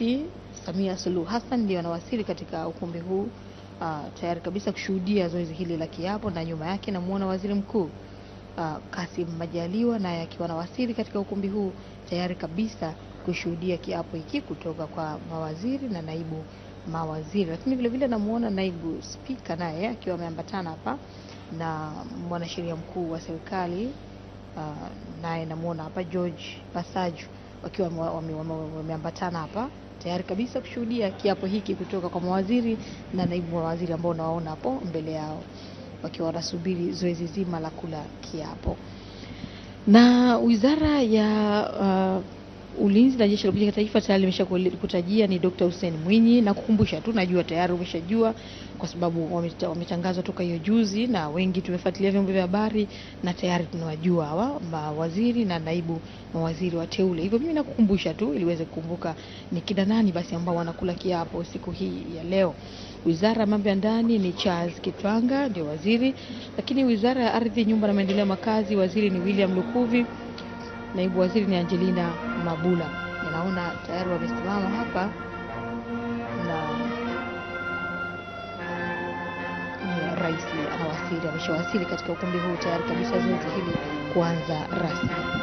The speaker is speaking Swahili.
Rais Samia Suluhu Hassan ndio anawasili katika ukumbi huu uh, tayari kabisa kushuhudia zoezi hili la kiapo, na nyuma yake namuona Waziri Mkuu uh, Kassim Majaliwa naye akiwa anawasili katika ukumbi huu tayari kabisa kushuhudia kiapo hiki kutoka kwa mawaziri na naibu mawaziri. Lakini vilevile namuona naibu spika naye akiwa ameambatana hapa na mwanasheria mkuu wa serikali uh, naye namuona hapa George Masaju wakiwa wameambatana wame, wame hapa tayari kabisa kushuhudia kiapo hiki kutoka kwa mawaziri na naibu mawaziri ambao unawaona hapo mbele yao wakiwa wanasubiri zoezi zima la kula kiapo na wizara ya uh, ulinzi na jeshi la kujenga taifa tayari limeshakutajia ni Dr. Hussein Mwinyi, na kukumbusha tu, najua tayari umeshajua kwa sababu wametangazwa toka hiyo juzi, na wengi tumefuatilia vyombo vya habari na tayari tunawajua hawa mawaziri na naibu mawaziri wateule. Hivyo mimi nakukumbusha tu ili uweze kukumbuka ni kina nani basi ambao wanakula kiapo siku hii ya leo. Wizara ya mambo ya ndani ni Charles Kitwanga ndio waziri, lakini wizara ya ardhi, nyumba na maendeleo makazi, waziri ni William Lukuvi, naibu waziri ni Angelina Mabula. Ninaona tayari wamesimama hapa na rais anawasili, ameshawasili katika ukumbi huu tayari kabisa zoezi hili kuanza rasmi.